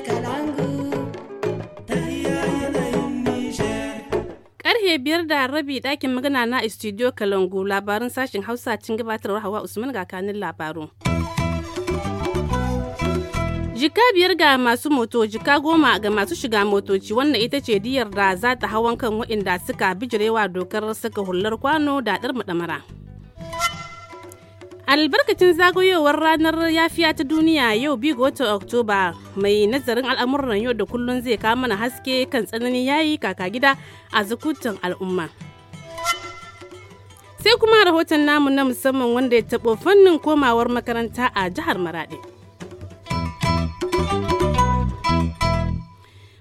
Kalangu, biyar da rabi ɗakin magana na studio Kalangu labarin sashen Hausa cin gabatar Hawa Usman ga kanin labaru jika biyar ga masu moto jika goma ga masu shiga motoci wannan ita ce diyar da za ta hawan kan waɗanda suka bijirewa dokar saka hular kwano da ɗar madamara. albarkacin zagayowar ranar yafiya ta duniya yau biyu ga watan oktoba mai nazarin al'amuran yau da kullun zai kawo mana haske kan tsananin yayi kaka gida a zukutan al'umma sai kuma rahoton namu na musamman wanda ya taɓo fannin komawar makaranta a jihar maraɗi.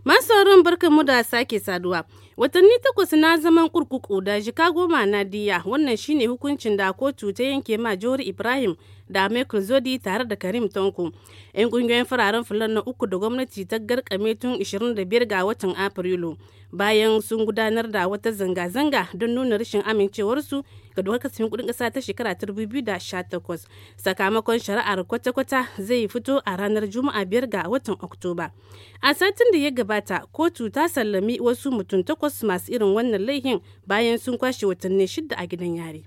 Masu barkan mu da sake saduwa. Watanni takwas na zaman kurkuku da jika goma na diya wannan shine hukuncin da kotu ta yanke ma Jori Ibrahim da Michael Zodi tare da Karim Tonko. 'Yan kungiyoyin fararen fulan na uku da gwamnati ta garkame tun 25 ga watan Afrilu bayan sun gudanar da wata zanga-zanga don nuna rashin amincewarsu ga dokar kasafin kudin kasa ta shekara ta 2018. Sakamakon shari'ar kwata-kwata zai fito a ranar Juma'a biyar ga watan Oktoba. A satin da ya gabata, kotu ta sallami wasu mutum takwas masu irin wannan laihin bayan sun kwashe watanni shida a gidan yari.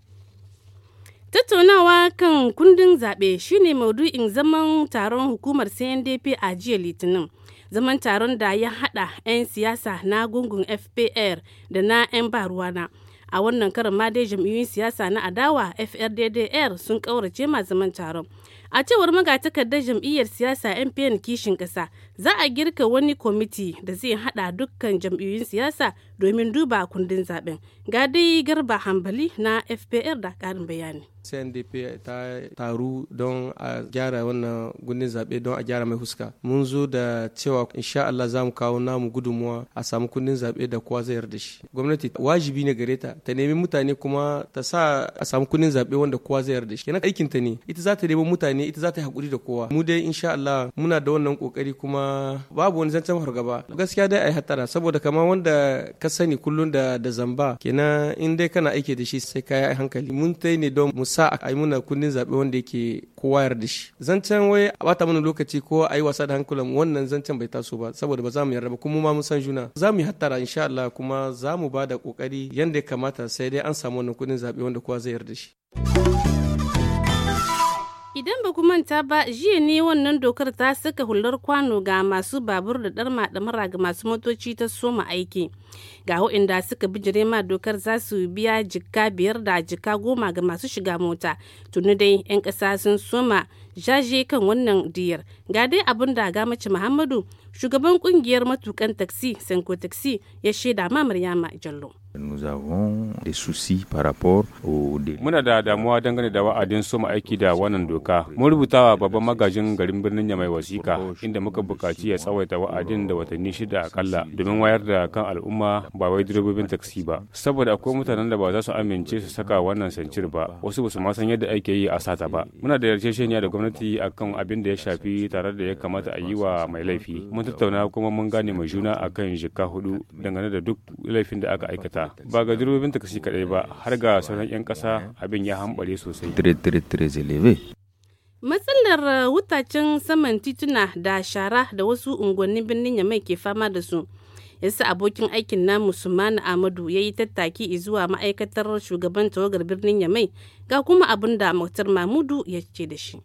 Tattaunawa kan kundin zaɓe shine maudu'in zaman taron hukumar CNDP a jiya Litinin. Zaman taron da ya haɗa 'yan siyasa na gungun FPR da na 'yan baruwana. A wannan karin ma dai jam'iyyun siyasa na adawa FRDDR sun ƙaurace ma zaman taron. a cewar magatakardar jam'iyyar siyasa mpn kishin ƙasa za a girka wani kwamiti da zai hada dukkan jam'iyyun siyasa domin duba kundin zaben ga dai garba hambali na fpr da karin bayani CNDP ta taru don a gyara wannan gundin zaɓe don a gyara mai huska. Mun zo da cewa insha Allah za mu kawo namu gudunmuwa a samu kundin zaɓe da kowa zai yarda shi. Gwamnati wajibi ne gare ta ta nemi mutane kuma ta sa a samu kundin zaɓe wanda kowa zai yarda shi. Kenan aikin ta ne ita za ta nemi mutane ne ita za ta hakuri da kowa mu dai insha Allah muna da wannan kokari kuma babu wani zancen fargaba gaskiya dai ai hatara saboda kamar wanda ka sani kullun da da zamba kenan in dai kana aiki da shi sai ka yi hankali mun tai ne don mu sa a yi muna kundin zabe wanda yake kowa da shi zancen wai a bata mana lokaci ko a yi wasa da hankulan wannan zancen bai taso ba saboda ba za mu yarda ba kuma ma mun san juna za mu yi hatara insha Allah kuma za mu ba da kokari yanda ya kamata sai dai an samu wannan kudin zabe wanda kowa zai yarda shi. Idan ba ku manta ba jiya ne wannan dokar ta saka hular kwano ga masu babur da darma damara ga masu motoci ta soma aiki. Ga waɗanda suka bijire ma dokar za su biya jika biyar da jika goma ga masu shiga mota. Tuni dai 'yan ƙasa sun soma jaje kan wannan diyar. Ga dai abin da ga mace Muhammadu shugaban kungiyar matukan taksi Sanko taksi ya shaida ma Maryama Jallo. Nous avons des soucis par rapport au Muna da damuwa dangane da wa'adin soma aiki da wannan doka. Mun rubuta wa babban magajin garin birnin Yamai wasika inda muka bukaci ya tsawaita wa'adin da watanni shida akalla domin wayar da kan al'umma ba wai direbobin taksi ba. Saboda akwai mutanen da ba za su amince su saka wannan sancir ba, wasu ba su ma san yadda ake yi a sata ba. Muna da yarjejeniya da gwamnati akan abin da ya shafi tare da ya kamata a yi wa mai laifi. Mun tattauna kuma mun gane mai juna akan jika hudu dangane da duk laifin da aka aikata. ƙasa ba ga direbobin takasi kaɗai ba har ga sauran 'yan ƙasa abin ya hambare sosai. Matsalar eh, wutacin saman tituna da shara da wasu unguwannin birnin Yamai ke fama da su. yasa abokin aikin namu Sumana Amadu ya yi tattaki zuwa ma'aikatar shugaban tawagar birnin Yamai ga kuma abin da Muktar Mamudu ya ce da shi.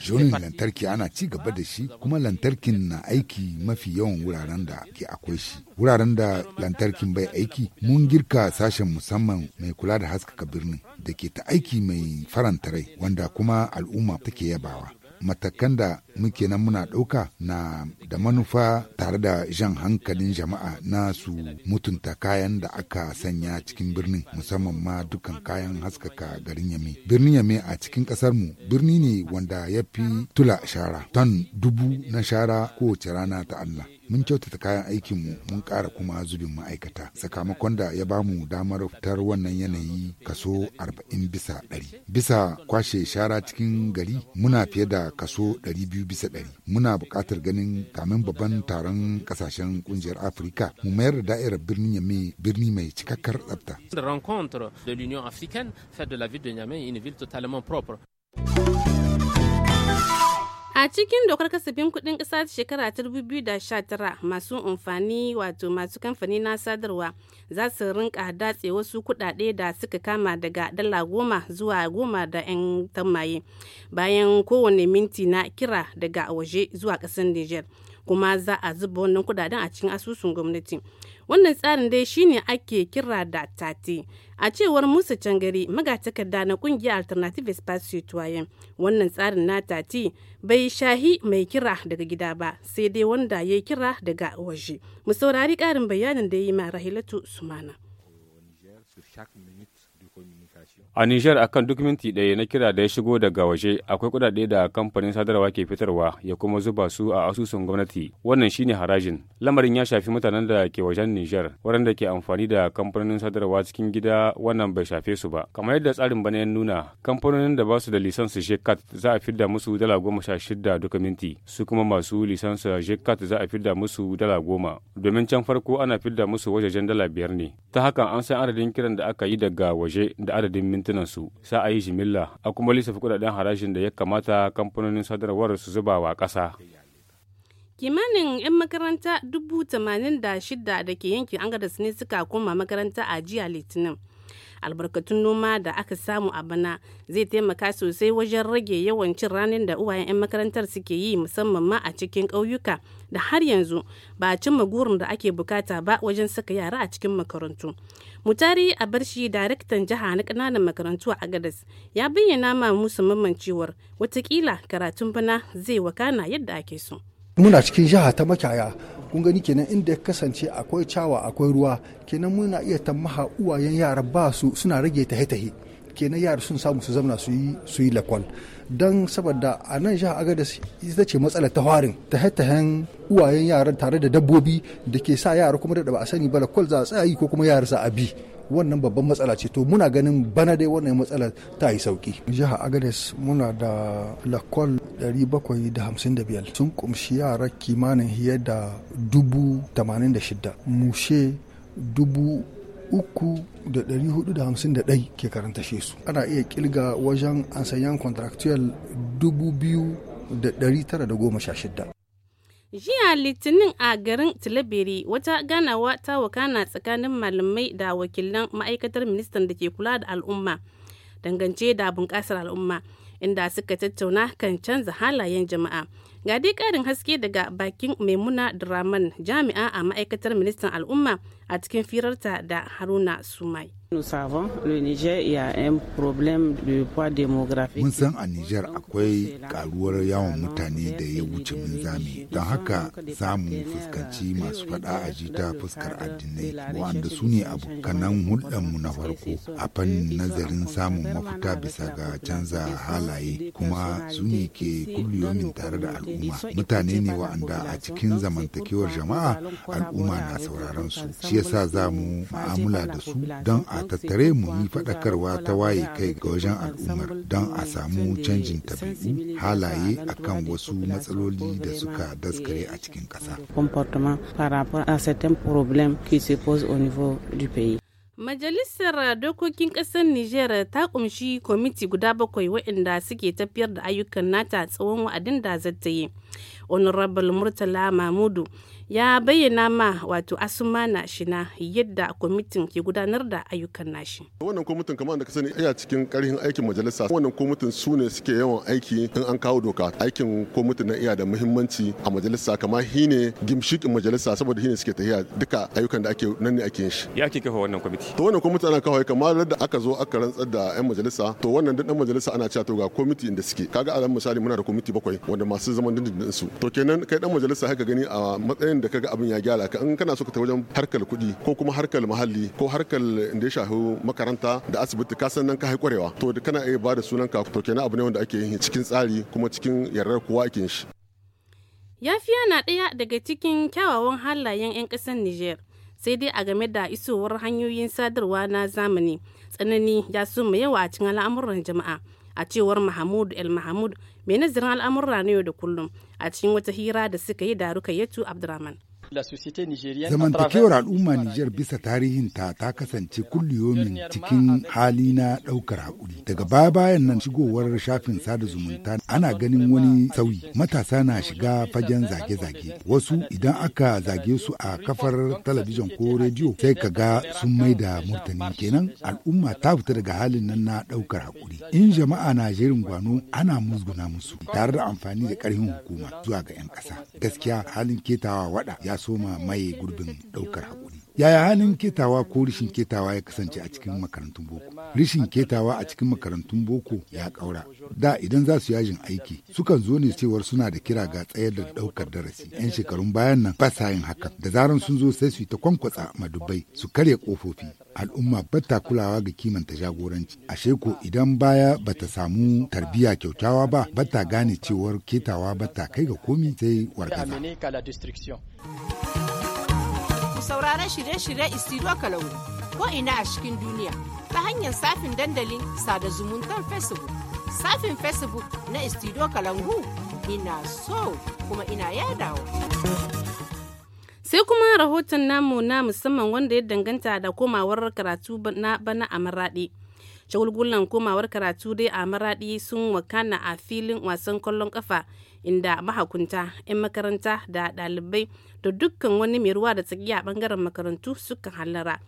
Jonin lantarki ana ci gaba da shi kuma lantarkin na aiki mafi yawan wuraren da ke akwai shi. Wuraren da lantarkin bai aiki mun girka sashen musamman mai kula da haskaka birnin da ke ta aiki mai faranta rai wanda kuma al'umma take yabawa. matakan da muke nan muna ɗauka na da manufa tare da jan hankalin jama'a na su mutunta kayan da aka sanya cikin birnin musamman ma dukkan kayan haskaka garin yame birnin yame a cikin mu birni ne wanda ya fi tula shara ton dubu na shara kowace rana ta allah mun kyautata kayan aikinmu mun ƙara kuma zubin ma'aikata sakamakon da ya bamu damar fitar wannan yanayi kaso 40 bisa 100 bisa kwashe shara cikin gari muna fiye da kaso 200 bisa 100 muna buƙatar ganin kamin babban taron ƙasashen ƙungiyar afirka mu mayar da da'irar birnin yamai birni mai cikakkar tsafta rencontre de l'Union africaine fait de la ville de Niamey une ville totalement A cikin dokar kasafin kudin ƙasa ta shekara ta 2019 masu amfani wato masu kamfani na sadarwa za su rinka datse wasu kuɗaɗe da suka kama daga dala goma zuwa goma da 'yan tamaye bayan kowane minti na kira daga waje zuwa ƙasar Nijar. kuma za a zuba wannan kudaden a cikin asusun gwamnati wannan tsarin dai shine ake kira da tate a cewar musa cangari magatakarda na kungiyar alternative espace citoyen wannan tsarin na tati bai shahi mai kira daga gida ba sai dai wanda ya kira daga waje mu saurari karin bayanin da ya yi ma rahilatu sumana A Nijar akan duk minti ɗaya na kira da ya shigo daga waje akwai kuɗaɗe da kamfanin sadarwa ke fitarwa ya kuma zuba su a asusun gwamnati wannan shine harajin. Lamarin ya shafi mutanen da ke wajen Nijar waɗanda ke amfani da kamfanin sadarwa cikin gida wannan bai shafe su ba. Kamar yadda tsarin bana ya nuna kamfanonin da ba su da lisansu JCAT za a fidda musu dala goma sha shida duka minti su kuma masu lisansu JCAT za a fidda musu dala goma domin can farko ana fidda musu wajajen dala biyar ne. Ta haka an san adadin kiran da aka yi daga waje da adadin mintunan mintunansu sa a yi jimilla a kuma lissafi kudaden harajin da ya kamata kamfanonin sadarwar su zuba wa ƙasa. kimanin 'yan makaranta 86,000 da ke yankin angadas ne suka koma makaranta a jiya litinin albarkatun noma da aka samu a bana zai taimaka sosai wajen rage yawan cin ranar da uwayen 'yan makarantar suke yi musamman ma a cikin ƙauyuka da har yanzu ba a cimma gurin da ake bukata ba wajen saka yara a cikin makarantu. Mutari a barshi daraktan jiha na ƙananan makarantu a Agadas ya bayyana ma musu mamman cewar watakila karatun bana zai wakana yadda ake so. muna cikin jiha ta makyaya kun gani kenan inda ya kasance akwai cawa akwai ruwa kenan muna iya tamaha uwayen yara ba su suna rage tahe-tahe kenan yara sun samu su zamna su yi su yi lakwal don saboda a nan jiha agadas ita ce matsalar ta harin tahe-tahen uwayen yara tare da dabbobi da ke sa yara kuma da ba a sani ba lakwal za a tsaya yi ko kuma yara za a bi wannan babban matsala ce to muna ganin bana dai wannan matsala ta yi sauki jihar agades muna da lakol 755 sun kumshi yara kimanin hiyar da 86 mushe 3,451 ke karanta su ana iya kilga wajen ansayan contractual 2,916 jiya litinin a garin tilabiri wata ganawa ta wakana tsakanin malamai da wakilan ma'aikatar ministan da ke kula da al'umma dangance da bunƙasar al'umma inda suka tattauna kan canza halayen jama'a Ga dai karin haske daga bakin Maimuna Draman jami'a a ma'aikatar ministan al'umma a cikin firarta da Haruna Sumai. Mun san a Nijar akwai karuwar yawan mutane da ya wuce minzami don haka za mu fuskanci masu faɗa a jita fuskar addinai wanda su ne abokanan hulɗarmu na farko a fannin nazarin samun mafuta bisa ga canza halaye kuma su ne ke kulliyomin tare da al'umma. mutane ne wa'anda a cikin zamantakewar jama'a al'umma na sauraron su shi yasa za mu ma'amula da su don a tattare mu yi faɗakarwa ta waye kai ga wajen al'ummar don a samu canjin tabi'u halaye akan wasu matsaloli da suka daskare eh, a cikin ƙasa. Majalisar Dokokin Ƙasar Nijar ta ƙumshi kwamiti guda bakwai waɗanda suke tafiyar da ayyukan nata tsawon wa'adin da zata yi. honorable murtala mahmudu ya bayyana ma wato asumana shina yadda kwamitin ke gudanar da ayyukan nashi wannan kwamitin kamar da ka sani iya cikin karhin aikin majalisa wannan kwamitin su ne suke yawan aiki in an kawo doka aikin kwamitin na iya da muhimmanci a majalisa kamar hi ne gimshikin majalisa saboda hi ne suke tafiya duka ayyukan da ake nan ne ake yin shi ya ke kafa wannan kwamiti to wannan kwamiti ana kawo kamar da aka zo aka rantsar da yan majalisa to wannan dan majalisa ana cewa to ga kwamiti inda suke kaga a misali muna da kwamiti bakwai wanda masu zaman dindindin su to kenan kai dan majalisa haka gani a matsayin da kaga abin ya gyara ka in kana so ka ta wajen harkar kuɗi ko kuma harkar muhalli ko harkar da ya shafi makaranta da asibiti ka san nan ka haikwarewa to kana iya ba da sunan ka to kenan abu ne wanda ake yin cikin tsari kuma cikin yarrar kowa ake shi yafiya na ɗaya daga cikin kyawawan halayen 'yan ƙasar niger sai dai a game da isowar hanyoyin sadarwa na zamani tsanani ya suma yawa a cikin al'amuran jama'a a cewar mahmud el mahmud mai nazarin al'amurra na yau da kullum a cikin wata hira da suka yi daruka rukayyatu abdurrahman Zamantakewar al'umma Nijar bisa tarihinta ta kasance kulliyomin cikin hali na ɗaukar haƙuri. Daga baya bayan nan shigowar shafin sada zumunta ana ganin wani sauyi. Matasa na shiga fagen zage-zage. Wasu idan aka zage su a kafar talabijin ko rediyo sai ka ga sun mai da murtani. Kenan al'umma ta fita daga halin nan na ɗaukar haƙuri. In jama'a na jerin gwano ana musguna musu tare da amfani da ƙarfin hukuma zuwa ga 'yan ƙasa. Gaskiya halin ketawa waɗa ya soma maye gurbin ɗaukar hakuri Yaya hannun ketawa ko rishin ketawa ya kasance a cikin makarantun boko? Rishin ketawa a cikin makarantun boko ya kaura Da idan za su yajin aiki, sukan zo ne cewar suna da kira ga tsayar da daukar darasi. 'Yan shekarun bayan nan ba sa yin hakan. Da zaran sun zo sai su yi ta kwankwatsa madubai su karya kofofi Al'umma bata kulawa ga kimanta jagoranci. a sheko idan baya bata samu tarbiya kyautawa ba, bata gane cewar ketawa bata kai ga komi sai wargaza. sauraron shirye-shirye Istiro Kalangu ko ina a cikin duniya ta hanyar safin dandalin sada zumuntar Facebook. Safin Facebook na Istiro Kalangu ina so kuma ina yadawa. sai kuma rahoton namu na musamman wanda ya danganta da komawar karatu na bana a maraɗi shagulgulan komawar karatu dai a maradi sun wakana a filin wasan kwallon kafa inda mahakunta 'yan makaranta da ɗalibai da dukkan wani mai ruwa da tsaki a bangaren makarantu suka hallara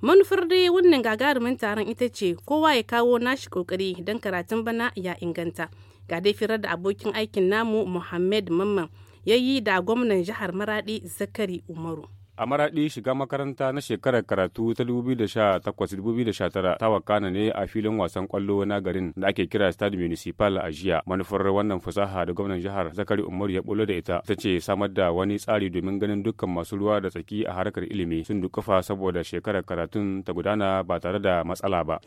manufar dai wannan gagarumin taron ita ce kowa ya kawo nashi kokari don karatun bana ya inganta ga dai firar da abokin aikin namu muhammed mamman ya yi da gwamnan jihar maradi zakari umaru a maraɗi shiga makaranta na shekarar karatu ta 2018-2019 ta wakana ne a filin wasan kwallo na garin da ake kira stade municipal a jiya manufar wannan fasaha da gwamnan jihar zakari umaru ya bulo da ita ta ce samar da wani tsari domin ganin dukkan masu ruwa da tsaki a harkar ilimi sun dukkafa saboda shekarar karatun ta gudana ba tare da matsala ba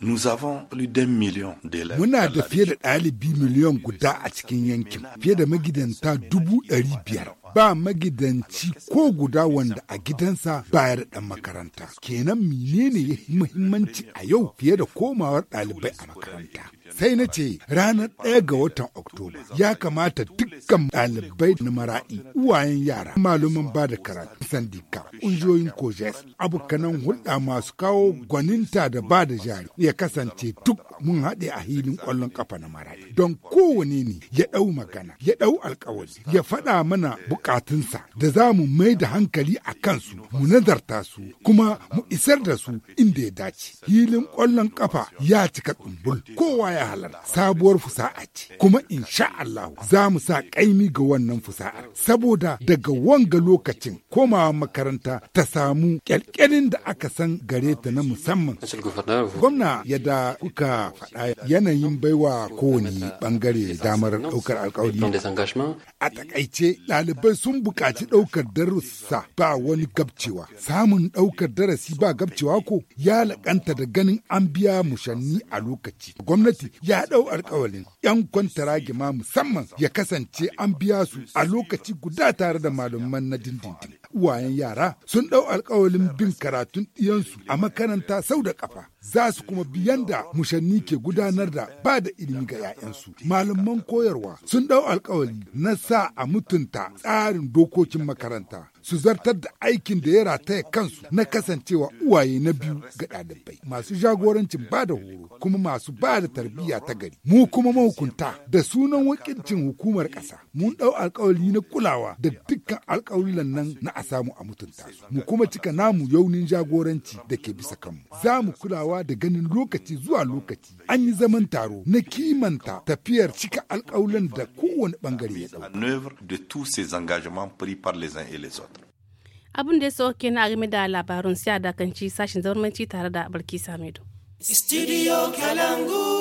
muna da fiye da ɗalibi miliyan guda a cikin yankin fiye da magidanta dubu ɗari biyar ba magidanci ko guda wanda a gidansa bayar ɗan makaranta. Kenan menene ya muhimmanci a yau fiye da komawar ɗalibai a makaranta. sai na ce ranar ɗaya ga watan Oktoba ya kamata dukkan ɗalibai na mara'i uwayen yara malumin ba da karatu sandika ƙungiyoyin kojes abokanan hulɗa masu kawo gwaninta da ba da jari ya kasance duk mun haɗe a hilin ƙwallon ƙafa na mara'i don kowane ne ya ɗau magana ya ɗau alkawari ya faɗa mana buƙatunsa da za mu mai da hankali a kansu mu nazarta su kuma mu isar da su inda ya dace hilin ƙwallon ƙafa ya cika tsumbul kowa ya ya halarta sabuwar fusa'a ce kuma insha Allah za mu sa kaimi ga wannan fusa'ar saboda daga wanga lokacin komawa makaranta ta samu kyalkyalin da aka san gare ta na musamman gwamna ya da kuka faɗa yanayin baiwa kowane bangare damar ɗaukar alkawari a takaice ɗalibai sun buƙaci ɗaukar darussa ba wani gabcewa samun ɗaukar darasi ba gabcewa ko ya laƙanta da ganin an biya mushanni a lokaci gwamnati ya ɗau alkawalin 'yan kwantaragi gima musamman ya kasance an biya su a lokaci guda tare da malaman na dindindin. Uwayen yara sun ɗau alkawalin bin karatun ɗiyansu a makaranta sau da ƙafa. Za su kuma biyan da mushanni ke gudanar da ba da ilimi ga 'ya'yansu. Malaman koyarwa sun ɗau alkawali na sa a mutunta tsarin dokokin makaranta. su zartar da aikin da ya rataya kansu na kasancewa uwaye na biyu ga ɗalibai masu jagorancin ba da horo kuma masu ba da tarbiyya ta gari mu kuma mahukunta da sunan wakilcin hukumar ƙasa mun ɗau alkawari na kulawa da dukkan alkawuran nan na a samu a mutunta su mu kuma cika namu yaunin jagoranci da ke bisa kanmu za mu kulawa da ganin lokaci zuwa lokaci an yi zaman taro na kimanta tafiyar cika alkawuran da kowane bangare ya ɗauka. abin da ya so na a game da labarun sai a dakanci sashen zaurmanci tare da barki samedo studio kalangu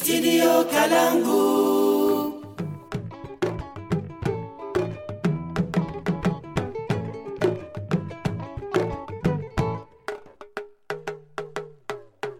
studio kalangu